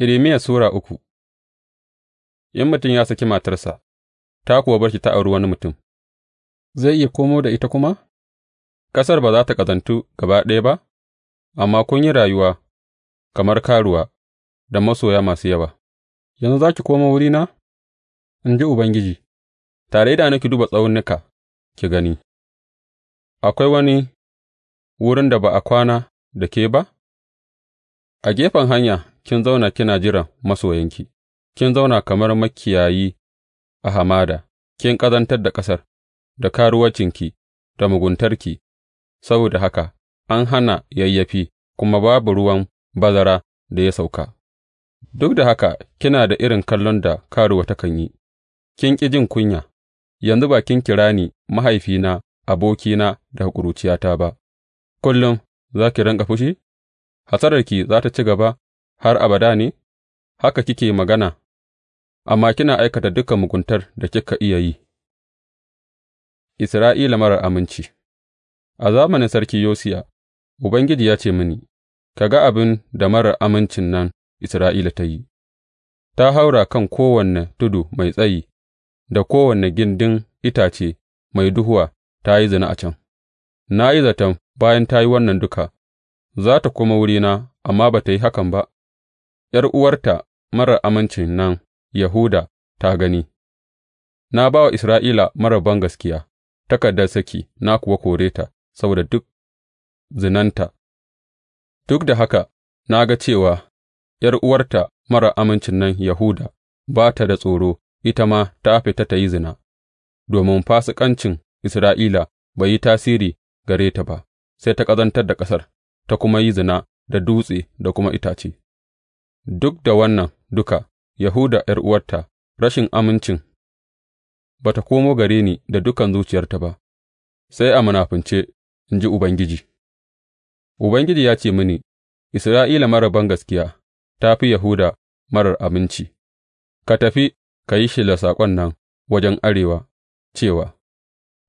Irimiya Sura uku In mutum ya saki matarsa, ta kuwa bar shi ta auri wani mutum, zai iya komo da ita kuma? Ƙasar ba za ta ƙazantu gaba ɗaya ba, amma kun yi rayuwa kamar karuwa da masoya masu yawa, yanzu za ki komo na. in ji Ubangiji, tare da ki duba tsaunuka ki gani, akwai wani wurin da ba a kwana da ke ba? A gefen hanya kin zauna kina jiran masoyanki, kin zauna kamar makiyayi a hamada, kin ƙazantar da ƙasar, da karuwacinki, da muguntarki, saboda haka an hana yayyafi kuma babu ruwan bazara da ya sauka. Duk da haka kina da irin kallon da karuwa takan yi, kin ƙi jin kunya, yanzu ba kin kira ni mahaifina, abokina da ƙuruciyata ba, kullum za ki rinƙa fushi? Hasararki za ta ci gaba har abada ne, haka kike magana, amma kina aikata dukan muguntar da kika iya yi. Isra'ila marar aminci A zamanin Sarki Yosiya, Ubangiji ya ce mini, Ka ga abin da marar amincin nan Isra'ila ta yi, ta haura kan kowanne tudu mai tsayi da kowanne gindin itace mai duhuwa ta yi zina a can, na yi zaton bayan ta yi wannan duka, za ta koma wurina, amma ba ta yi hakan ba. ’yar'uwarta marar amincin nan Yahuda ta gani, na ba wa Isra'ila marar bangaskiya takardar saki na kuwa kore ta saboda duk zinanta, duk da haka na ga cewa ’yar'uwarta marar amincin nan Yahuda ba ta da tsoro, ita ma ta fita ta yi zina, domin fasikancin Isra'ila bai yi tasiri gare ta ba, sai ta ƙazantar da ƙasar, ta kuma yi zina da dutse da kuma itace. Duk da wannan duka, Yahuda ’yar'uwarta, rashin amincin ba ta komo gare ni da dukan zuciyarta ba, sai a munafunce, in ji Ubangiji. Ubangiji ya ce mini, Isra'ila marar bangaskiya ta fi Yahuda marar aminci, ka tafi ka yi shila saƙon nan wajen arewa cewa,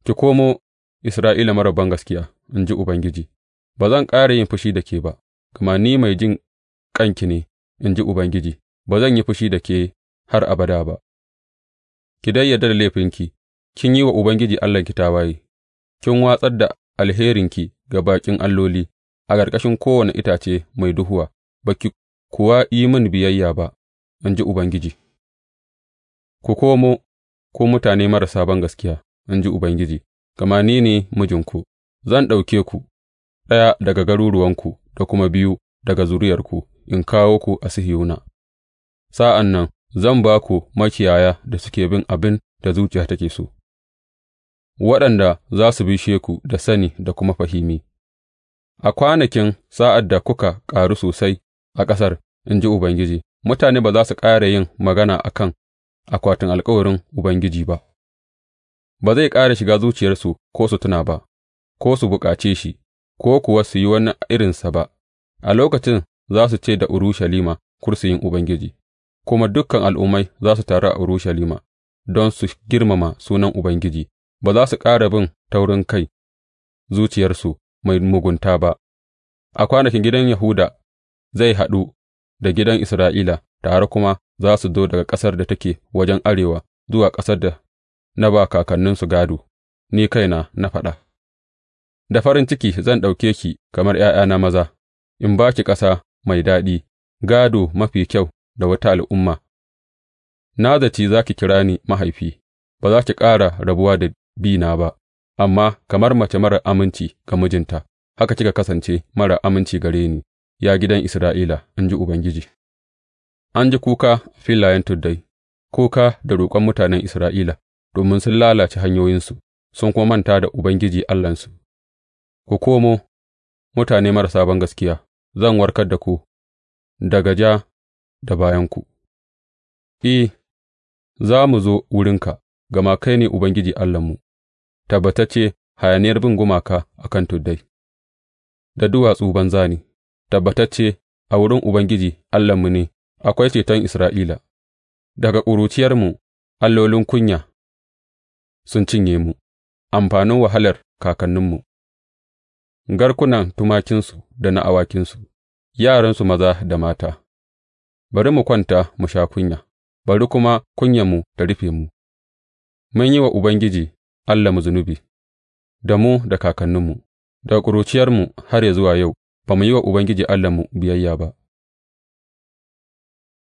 Ki komo Isra'ila marar bangaskiya, in ji Ubangiji, ba zan ƙara yin fushi da ke ba, gama ni mai jin ƙanki ne, in ji Ubangiji, ba zan yi fushi da ke har abada ba, ki dai yarda da laifinki, kin yi wa Ubangiji Allahnki tawaye, kin watsar da alherinki ga baƙin alloli a ƙarƙashin kowane itace mai duhuwa, ba ki kuwa yi min biyayya ba, in ji Ubangiji. Ku komo, ko mutane marasa gaskiya. in ji Ubangiji, gama ni ne mijinku, zan ɗauke ku, ɗaya daga garuruwanku da kuma biyu daga zuriyarku. in kawo ku a Sihiyona, sa'an nan zan ba ku makiyaya da suke bin abin da zuciya take so, waɗanda za su bishe ku da sani da kuma fahimi, a kwanakin sa'ad da kuka ƙaru sosai a ƙasar, in ji Ubangiji, mutane ba za su ƙara yin magana a kan akwatin alkawarin Ubangiji ba, ba zai ƙara shiga zuciyarsu ko su tuna ba, ko su buƙace shi, ko kuwa su yi wani irinsa ba, a lokacin za su ce da Urushalima kursiyin Ubangiji, kuma dukan al'ummai za su taru a Urushalima don su girmama sunan Ubangiji, ba za su ƙara bin taurin kai zuciyarsu mai mugunta ba. A kwanakin gidan Yahuda zai haɗu da gidan Isra'ila, tare kuma za su zo daga ƙasar da take wajen arewa zuwa ƙasar da na ba kakanninsu gado? ni kaina na faɗa. Da farin ciki zan ɗauke ki kamar ’ya'yana maza, in ba ki ƙasa mai daɗi, gādo mafi kyau da wata al'umma, na zaci za ki kira ni mahaifi, ba za ki ƙara rabuwa da bi na ba, amma kamar mace marar aminci ga mijinta, haka kika kasance marar aminci gare ni, ya gidan Isra'ila, in ji Ubangiji. An ji kuka filayen tuddai, kuka da roƙon mutanen Isra'ila, domin sun lalace hanyoyinsu, sun kuma manta da Ubangiji Allahnsu. Ku komo, mutane marasa gaskiya. zan warkar da ku daga ja da bayanku, I, za mu zo wurinka, gama kai ne Ubangiji Allahnmu, tabbatacce hayaniyar bin gumaka a kan tuddai da duwatsu banza ne, tabbatacce a wurin Ubangiji Allahnmu ne akwai ceton Isra'ila, daga ƙuruciyarmu allolin kunya sun cinye mu, amfanin wahalar kakanninmu. garkunan tumakinsu da na awakinsu, yaransu maza da mata. Bari mu kwanta mu sha kunya, bari kuma kunyanmu ta rufe mu, mun yi wa Ubangiji Allahnmu zunubi, da mu da kakanninmu, da ƙuruciyarmu har yă zuwa yau ba mu yi wa Ubangiji Allahnmu biyayya ba.